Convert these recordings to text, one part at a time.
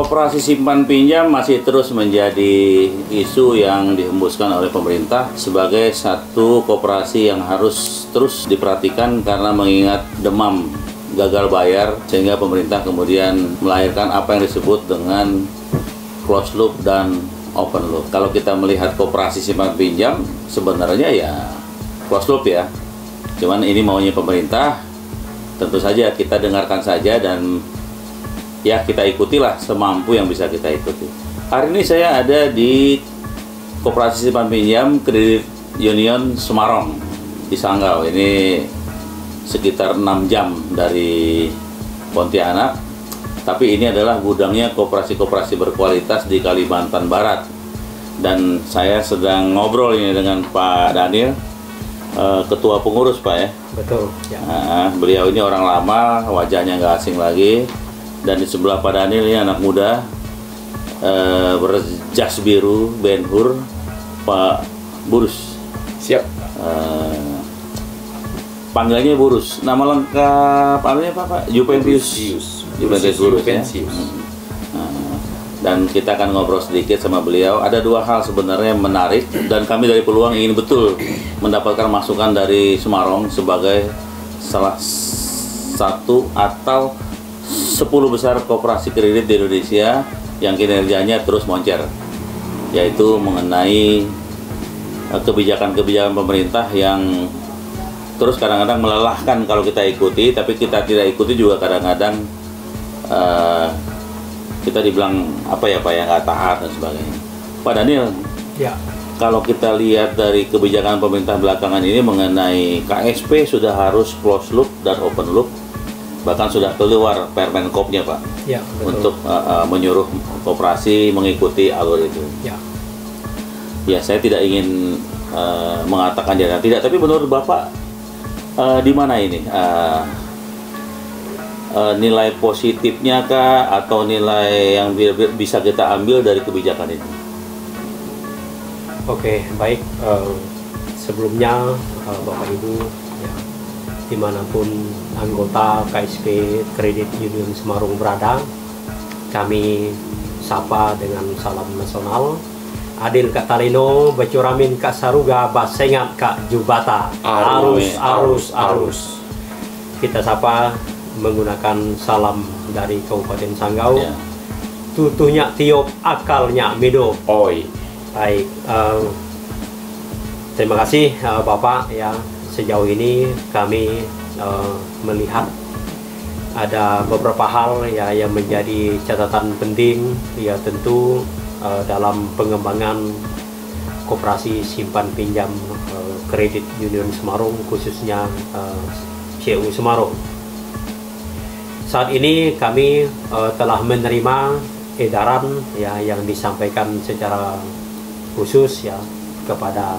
Koperasi simpan pinjam masih terus menjadi isu yang dihembuskan oleh pemerintah sebagai satu koperasi yang harus terus diperhatikan karena mengingat demam gagal bayar sehingga pemerintah kemudian melahirkan apa yang disebut dengan close loop dan open loop. Kalau kita melihat koperasi simpan pinjam sebenarnya ya close loop ya. Cuman ini maunya pemerintah tentu saja kita dengarkan saja dan ya kita ikutilah semampu yang bisa kita ikuti. Hari ini saya ada di Koperasi Simpan Pinjam Kredit Union Semarang di Sanggau. Ini sekitar 6 jam dari Pontianak. Tapi ini adalah gudangnya koperasi-koperasi berkualitas di Kalimantan Barat. Dan saya sedang ngobrol ini dengan Pak Daniel, eh, ketua pengurus Pak ya. Betul. Ya. Nah, beliau ini orang lama, wajahnya nggak asing lagi dan di sebelah Pak Daniel ini anak muda uh, berjas biru Ben Hur Pak Burus siap uh, panggilannya Burus nama lengkap apa apa Pak Jupentius Jupentius Burus ya uh, dan kita akan ngobrol sedikit sama beliau. Ada dua hal sebenarnya yang menarik dan kami dari peluang ingin betul mendapatkan masukan dari Semarang sebagai salah satu atau 10 besar koperasi kredit di Indonesia yang kinerjanya terus moncer yaitu mengenai eh, kebijakan-kebijakan pemerintah yang terus kadang-kadang melelahkan kalau kita ikuti tapi kita tidak ikuti juga kadang-kadang uh, kita dibilang apa ya Pak ya nggak taat dan sebagainya Pak Daniel ya kalau kita lihat dari kebijakan pemerintah belakangan ini mengenai KSP sudah harus close loop dan open loop bahkan sudah keluar permen kopnya pak ya, betul. untuk uh, uh, menyuruh operasi mengikuti alur itu ya. ya saya tidak ingin uh, mengatakan dia tidak tapi menurut bapak uh, di mana ini uh, uh, nilai positifnya kah atau nilai yang bisa kita ambil dari kebijakan ini oke baik uh, sebelumnya uh, bapak ibu dimanapun anggota KSP Kredit Union Semarung berada, kami sapa dengan salam nasional. Adil Kak Talino, Becuramin Kak Saruga, Basengat Kak Jubata. Arus, arus, arus. Kita sapa menggunakan salam dari Kabupaten Sanggau. Yeah. Tutunya tiup, akalnya mido. Oi. Baik, uh, terima kasih uh, Bapak ya sejauh ini kami uh, melihat ada beberapa hal ya yang menjadi catatan penting ya tentu uh, dalam pengembangan koperasi simpan pinjam uh, kredit Union Semarang khususnya uh, CU Semarang. Saat ini kami uh, telah menerima edaran ya yang disampaikan secara khusus ya kepada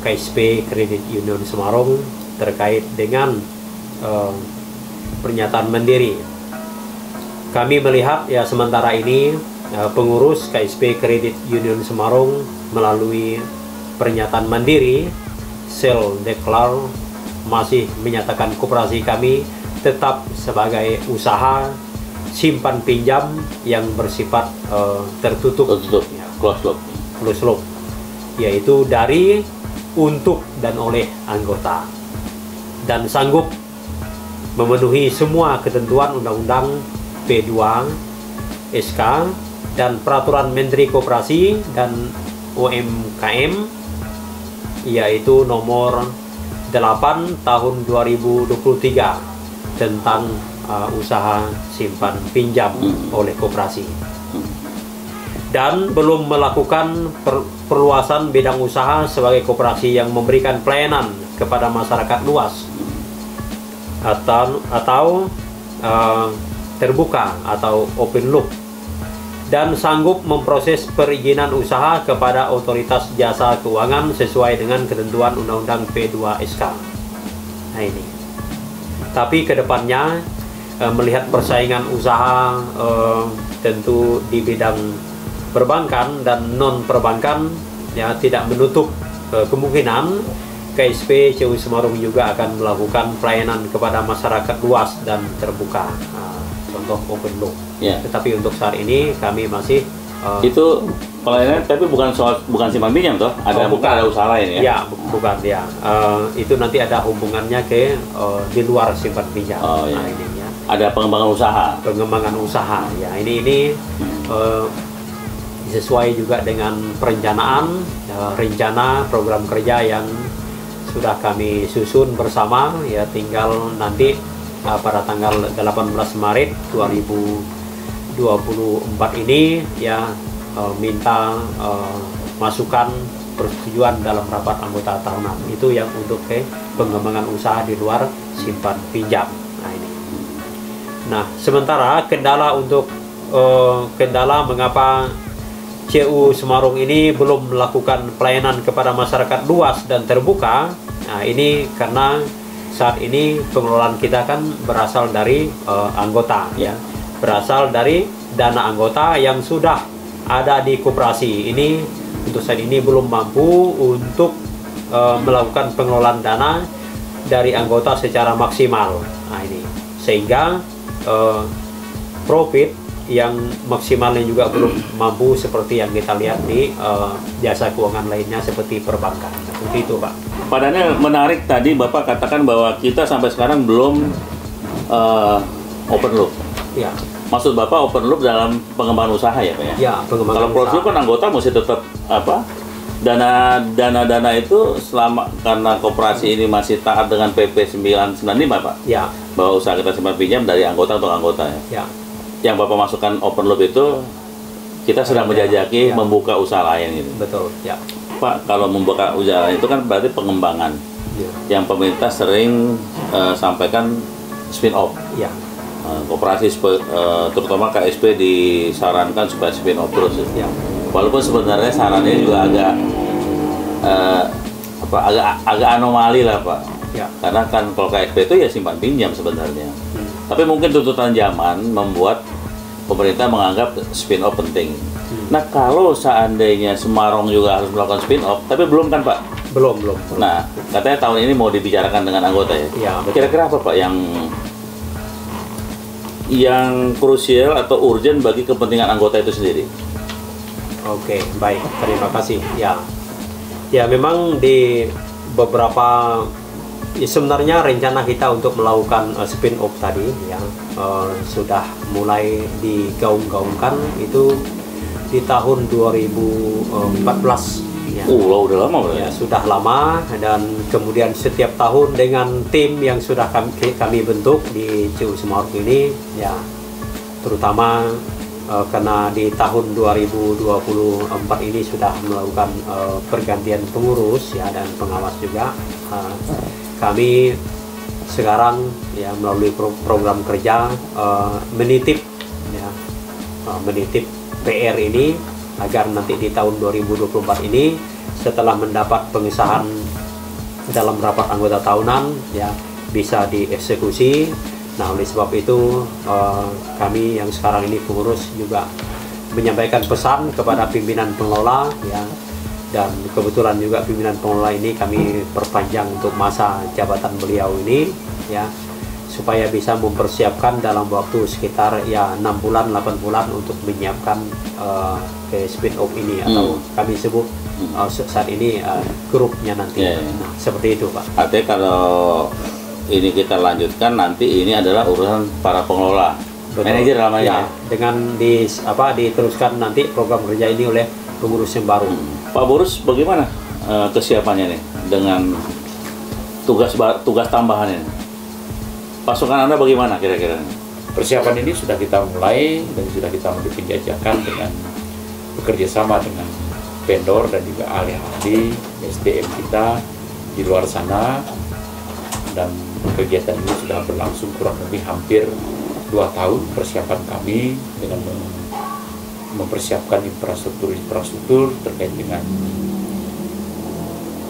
KSP Kredit Union Semarang terkait dengan uh, pernyataan Mandiri. Kami melihat ya sementara ini uh, pengurus KSP Kredit Union Semarang melalui pernyataan Mandiri Sel Deklar masih menyatakan koperasi kami tetap sebagai usaha simpan pinjam yang bersifat uh, tertutup, tertutup. Ya. close loop, close loop, yaitu dari untuk dan oleh anggota dan sanggup memenuhi semua ketentuan Undang-Undang P2 SK dan peraturan Menteri Koperasi dan UMKM yaitu nomor 8 tahun 2023 tentang uh, usaha simpan pinjam oleh koperasi dan belum melakukan per perluasan bidang usaha sebagai koperasi yang memberikan pelayanan kepada masyarakat luas atau atau uh, terbuka atau open loop dan sanggup memproses perizinan usaha kepada otoritas jasa keuangan sesuai dengan ketentuan Undang-Undang P2SK. Nah ini. Tapi kedepannya eh, melihat persaingan usaha eh, tentu di bidang perbankan dan non perbankan ya tidak menutup eh, kemungkinan KSP CU Semarang juga akan melakukan pelayanan kepada masyarakat luas dan terbuka nah, contoh open loop ya. tetapi untuk saat ini kami masih uh, itu pelayanan tapi bukan soal bukan simpan pinjam toh ada oh, bukan ada usaha lain ya ya bu bukan ya uh, itu nanti ada hubungannya ke uh, di luar simpan pinjam oh, iya. nah, ini, ya. ada pengembangan usaha pengembangan usaha ya ini ini hmm. uh, sesuai juga dengan perencanaan eh, rencana program kerja yang sudah kami susun bersama ya tinggal nanti uh, pada tanggal 18 Maret 2024 ini ya uh, minta uh, masukan persetujuan dalam rapat anggota tahunan itu yang untuk ke pengembangan usaha di luar simpan pinjam nah ini nah sementara kendala untuk uh, kendala mengapa CU Semarang ini belum melakukan pelayanan kepada masyarakat luas dan terbuka. Nah, ini karena saat ini pengelolaan kita kan berasal dari uh, anggota ya. Berasal dari dana anggota yang sudah ada di koperasi. Ini untuk saat ini belum mampu untuk uh, melakukan pengelolaan dana dari anggota secara maksimal. Nah, ini sehingga uh, profit yang maksimalnya juga belum mampu seperti yang kita lihat di uh, jasa keuangan lainnya seperti perbankan seperti itu pak. Padahal menarik tadi bapak katakan bahwa kita sampai sekarang belum uh, open loop. Ya. Maksud bapak open loop dalam pengembangan usaha ya pak ya? Ya pengembangan. Kalau closed loop kan anggota mesti tetap apa? Dana dana dana itu selama karena koperasi ini masih taat dengan PP 995 pak. Ya. Bahwa usaha kita simpan pinjam dari anggota atau anggota ya. Ya yang bapak masukkan open loop itu kita sedang menjajaki ya. membuka usaha lain gitu. Betul. Ya. Pak, kalau membuka usaha lain itu kan berarti pengembangan. Ya. Yang pemerintah sering uh, sampaikan spin off. Ya. Uh, eh, koperasi uh, eh, terutama KSP disarankan supaya spin off terus. Ya. ya. Walaupun sebenarnya sarannya juga agak uh, apa agak agak anomali lah pak. Ya. Karena kan kalau KSP itu ya simpan pinjam sebenarnya tapi mungkin tuntutan zaman membuat pemerintah menganggap spin off penting. Hmm. Nah, kalau seandainya Semarang juga harus melakukan spin off, tapi belum kan, Pak? Belum, belum. belum. Nah, katanya tahun ini mau dibicarakan dengan anggota ya. Iya. Kira-kira apa, Pak, yang yang krusial atau urgent bagi kepentingan anggota itu sendiri? Oke, baik. Terima kasih. Ya. Ya, memang di beberapa ya, sebenarnya rencana kita untuk melakukan uh, eh, spin off tadi yang uh, eh, sudah mulai digaung-gaungkan itu di tahun 2014 ya. Oh, udah lama ya, ya sudah lama dan kemudian setiap tahun dengan tim yang sudah kami, kami bentuk di Ciu Semarang ini ya terutama uh, karena di tahun 2024 ini sudah melakukan uh, pergantian pengurus ya dan pengawas juga uh, kami sekarang ya melalui program kerja uh, menitip ya uh, menitip PR ini agar nanti di tahun 2024 ini setelah mendapat pengesahan dalam rapat anggota tahunan ya bisa dieksekusi. Nah oleh sebab itu uh, kami yang sekarang ini pengurus juga menyampaikan pesan kepada pimpinan pengelola ya dan kebetulan juga pimpinan pengelola ini kami perpanjang untuk masa jabatan beliau ini ya supaya bisa mempersiapkan dalam waktu sekitar ya 6 bulan 8 bulan untuk menyiapkan uh, ke spin off ini hmm. atau kami sebut uh, saat ini uh, grupnya nanti yeah. Ya. nah, seperti itu Pak. Artinya kalau ini kita lanjutkan nanti ini adalah urusan para pengelola Betul. manajer namanya ya, dengan di apa diteruskan nanti program kerja ini oleh pengurus yang baru. Pak Borus, bagaimana uh, kesiapannya nih dengan tugas tugas tambahannya? Pasukan Anda bagaimana kira-kira? Persiapan ini sudah kita mulai dan sudah kita dipenjajakan dengan bekerja sama dengan vendor dan juga ahli ahli SDM kita di luar sana dan kegiatan ini sudah berlangsung kurang lebih hampir dua tahun persiapan kami dengan mempersiapkan infrastruktur-infrastruktur terkait dengan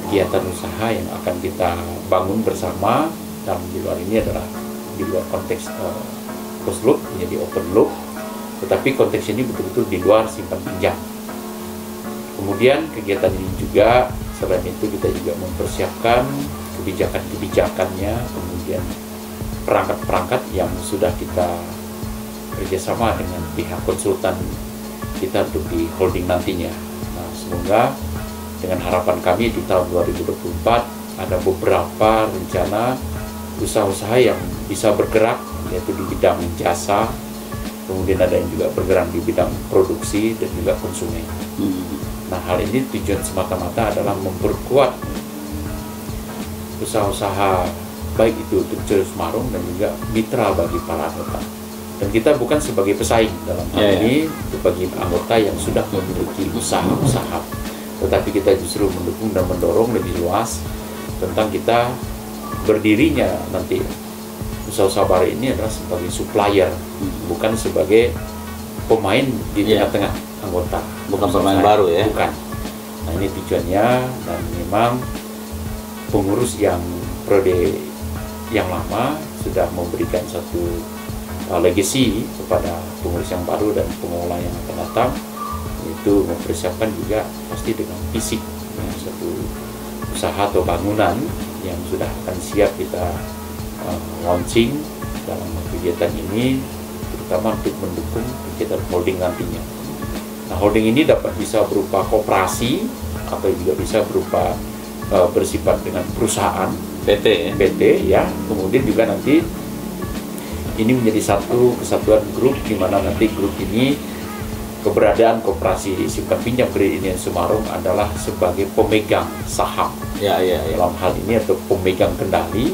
kegiatan usaha yang akan kita bangun bersama Dan di luar ini adalah di luar konteks uh, closed loop menjadi open loop tetapi konteks ini betul-betul di luar simpan pinjam kemudian kegiatan ini juga selain itu kita juga mempersiapkan kebijakan-kebijakannya kemudian perangkat-perangkat yang sudah kita kerjasama dengan pihak konsultan kita untuk di holding nantinya. Nah, semoga dengan harapan kami di tahun 2024 ada beberapa rencana usaha-usaha yang bisa bergerak yaitu di bidang jasa, kemudian ada yang juga bergerak di bidang produksi dan juga konsumen. Hmm. Nah, hal ini tujuan semata-mata adalah memperkuat usaha-usaha baik itu untuk Jurus Marung dan juga mitra bagi para anggota dan kita bukan sebagai pesaing dalam hal yeah, ya. ini yeah. bagi anggota yang sudah memiliki usaha-usaha tetapi kita justru mendukung dan mendorong lebih luas tentang kita berdirinya nanti usaha-usaha baru ini adalah sebagai supplier hmm. bukan sebagai pemain di ya. tengah-tengah yeah. anggota bukan pemain baru ya bukan nah ini tujuannya dan memang pengurus yang prode yang lama sudah memberikan satu Eh, legacy kepada pengurus yang baru dan pengelola yang akan datang itu mempersiapkan juga pasti dengan fisik ya, satu usaha atau bangunan yang sudah akan siap kita uh, launching dalam kegiatan ini terutama untuk mendukung kegiatan holding nantinya. Nah, holding ini dapat bisa berupa koperasi atau juga bisa berupa uh, bersifat dengan perusahaan PT PT ya kemudian juga nanti ini menjadi satu kesatuan grup di mana nanti grup ini keberadaan koperasi simpan pinjam kredit ini Sumarung adalah sebagai pemegang saham ya, ya, ya. dalam hal ini atau pemegang kendali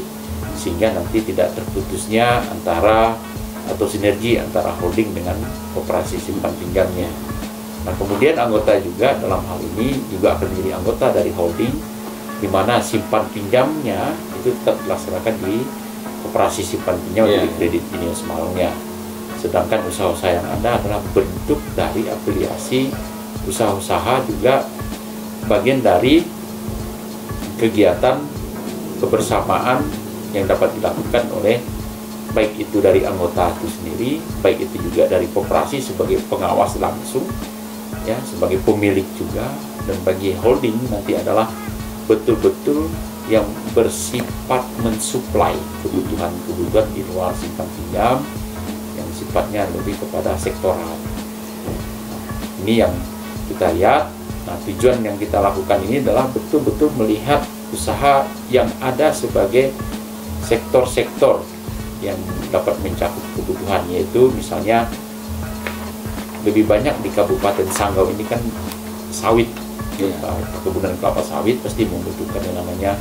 sehingga nanti tidak terputusnya antara atau sinergi antara holding dengan koperasi simpan pinjamnya. Nah kemudian anggota juga dalam hal ini juga akan menjadi anggota dari holding di mana simpan pinjamnya itu tetap dilaksanakan di operasi simpan pinjam yeah. di kredit ini Semarangnya. Sedangkan usaha-usaha yang ada adalah bentuk dari afiliasi usaha-usaha juga bagian dari kegiatan kebersamaan yang dapat dilakukan oleh baik itu dari anggota itu sendiri, baik itu juga dari koperasi sebagai pengawas langsung, ya sebagai pemilik juga, dan bagi holding nanti adalah betul-betul yang bersifat mensuplai kebutuhan-kebutuhan di luar simpan pinjam yang sifatnya lebih kepada sektoral. Nah, ini yang kita lihat. Nah, tujuan yang kita lakukan ini adalah betul-betul melihat usaha yang ada sebagai sektor-sektor yang dapat mencakup kebutuhan yaitu misalnya lebih banyak di Kabupaten Sanggau ini kan sawit yeah. Iya. kebunan kelapa sawit pasti membutuhkan yang namanya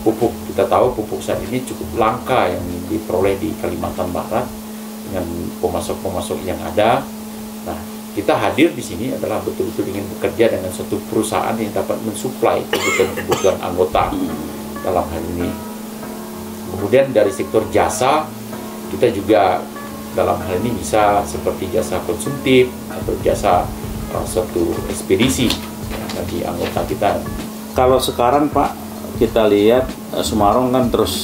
pupuk kita tahu pupuk saat ini cukup langka yang diperoleh di Kalimantan Barat dengan pemasok-pemasok yang ada. Nah, kita hadir di sini adalah betul-betul ingin bekerja dengan satu perusahaan yang dapat mensuplai kebutuhan-kebutuhan anggota dalam hal ini. Kemudian dari sektor jasa kita juga dalam hal ini bisa seperti jasa konsumtif atau jasa uh, eh, suatu ekspedisi bagi anggota kita. Kalau sekarang Pak kita lihat eh, Semarang kan terus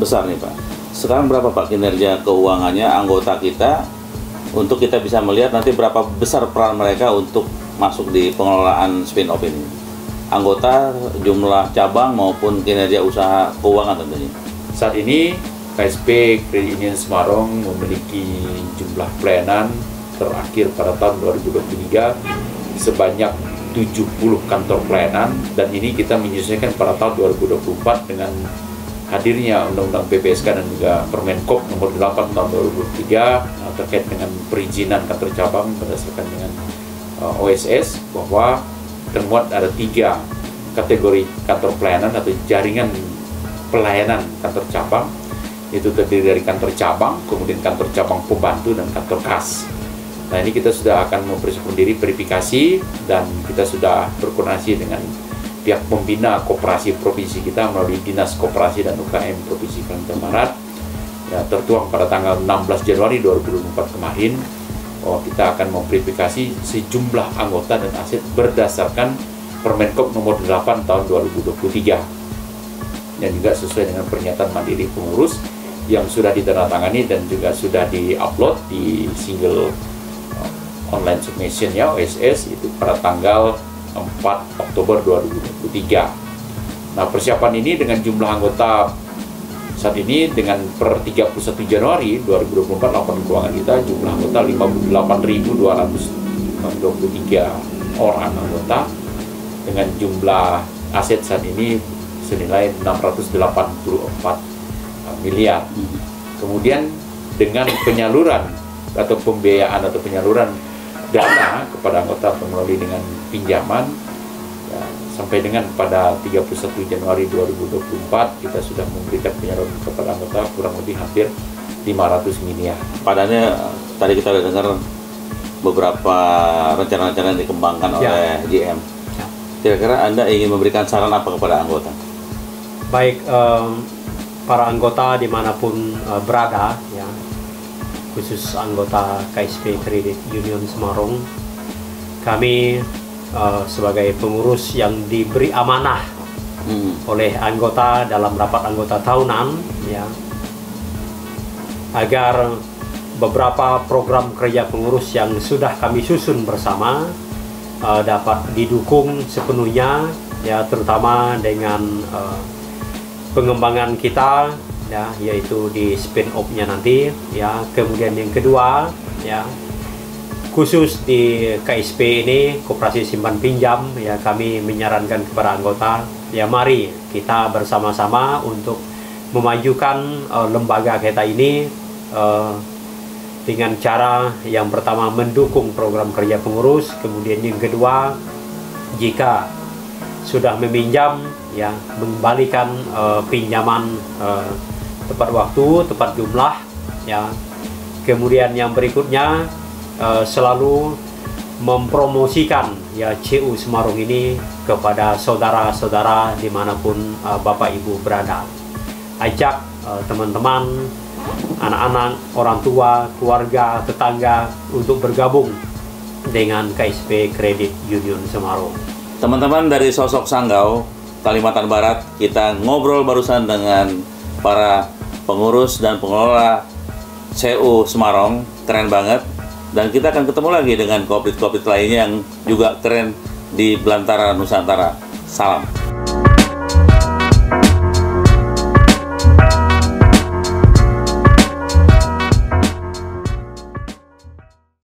besar nih Pak. Sekarang berapa Pak kinerja keuangannya anggota kita untuk kita bisa melihat nanti berapa besar peran mereka untuk masuk di pengelolaan spin-off ini? Anggota, jumlah cabang maupun kinerja usaha keuangan tentunya. Saat ini KSP Credit Union Semarang memiliki jumlah pelayanan terakhir pada tahun 2023 sebanyak 70 kantor pelayanan dan ini kita menyelesaikan pada tahun 2024 dengan hadirnya Undang-Undang PPSK dan juga Permenkop nomor 8 tahun 2023 uh, terkait dengan perizinan kantor cabang berdasarkan dengan uh, OSS bahwa termuat ada tiga kategori kantor pelayanan atau jaringan pelayanan kantor cabang itu terdiri dari kantor cabang, kemudian kantor cabang pembantu dan kantor kas. Nah ini kita sudah akan mempersiapkan diri verifikasi dan kita sudah berkoordinasi dengan pihak pembina kooperasi provinsi kita melalui Dinas kooperasi dan UKM Provinsi Kalimantan Barat ya, tertuang pada tanggal 16 Januari 2024 kemarin oh, kita akan memverifikasi sejumlah anggota dan aset berdasarkan Permenkop nomor 8 tahun 2023 dan juga sesuai dengan pernyataan mandiri pengurus yang sudah ditandatangani dan juga sudah diupload di single online submission ya OSS itu pada tanggal 4 Oktober 2023. Nah, persiapan ini dengan jumlah anggota saat ini dengan per 31 Januari 2024 laporan keuangan kita jumlah anggota 58.223 orang anggota dengan jumlah aset saat ini senilai 684 miliar. Hmm. Kemudian dengan penyaluran atau pembiayaan atau penyaluran dana kepada anggota melalui dengan pinjaman ya, sampai dengan pada 31 Januari 2024 kita sudah memberikan penyaluran kepada anggota kurang lebih hampir 500 miliar. Padanya tadi kita sudah dengar beberapa rencana-rencana yang dikembangkan ya. oleh GM. Kira-kira Anda ingin memberikan saran apa kepada anggota? Baik, um, para anggota dimanapun uh, berada, ya, khusus anggota KSP Kredit Union Semarang kami uh, sebagai pengurus yang diberi amanah hmm. oleh anggota dalam rapat anggota tahunan ya agar beberapa program kerja pengurus yang sudah kami susun bersama uh, dapat didukung sepenuhnya ya terutama dengan uh, pengembangan kita ya yaitu di spin off-nya nanti ya kemudian yang kedua ya khusus di KSP ini Koperasi Simpan Pinjam ya kami menyarankan kepada anggota ya mari kita bersama-sama untuk memajukan uh, lembaga kita ini uh, dengan cara yang pertama mendukung program kerja pengurus kemudian yang kedua jika sudah meminjam ya mengembalikan uh, pinjaman uh, tepat waktu, tepat jumlah ya. Kemudian yang berikutnya uh, selalu mempromosikan ya CU Semarang ini kepada saudara-saudara dimanapun uh, Bapak Ibu berada. Ajak eh, teman-teman, anak-anak, orang tua, keluarga, tetangga untuk bergabung dengan KSP Kredit Union Semarang. Teman-teman dari sosok Sanggau, Kalimantan Barat, kita ngobrol barusan dengan para pengurus dan pengelola CU Semarang keren banget dan kita akan ketemu lagi dengan kopit-kopit lainnya yang juga keren di Belantara Nusantara. Salam.